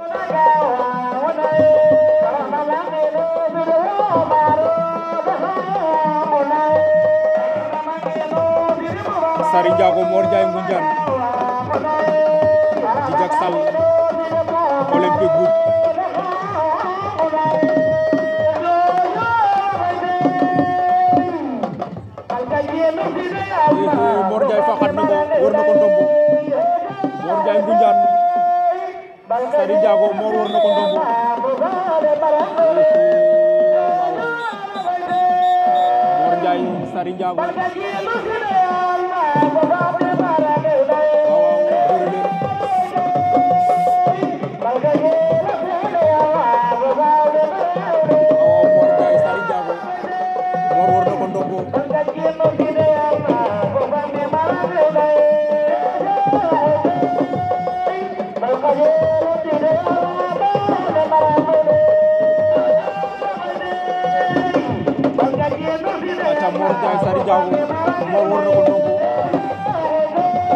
Sari Jago Mor yang hujan ci jak sal olympique group Mor Jaay faxat na Warna wër na ko ndomb Mor Sary Diago Mor war na ko ndombo Mor Ndiaye Sary Diago Mor Ndiaye Saly Diago Mor war na ko ndombo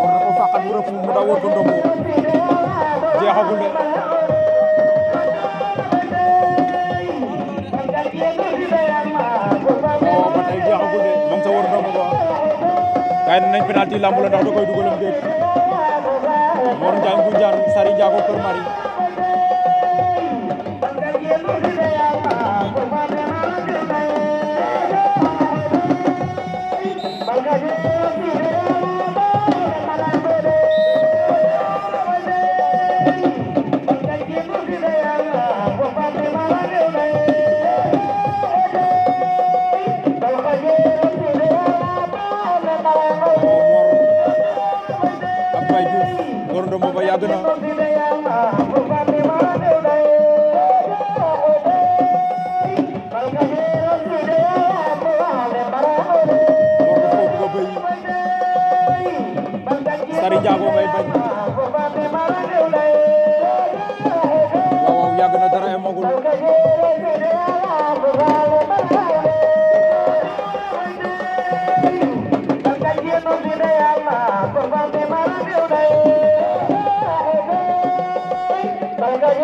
war na ko fàqal mu rëfu mu daw war ko ndombo jeexagul de waaw ba tey jeexagul de moom sa la ndax da koy yàgg na Sary Ndiago ngay bañ waaw yàgg na dara emagul Mor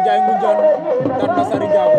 Njaay Ngunjaan tan na Sary Ndiago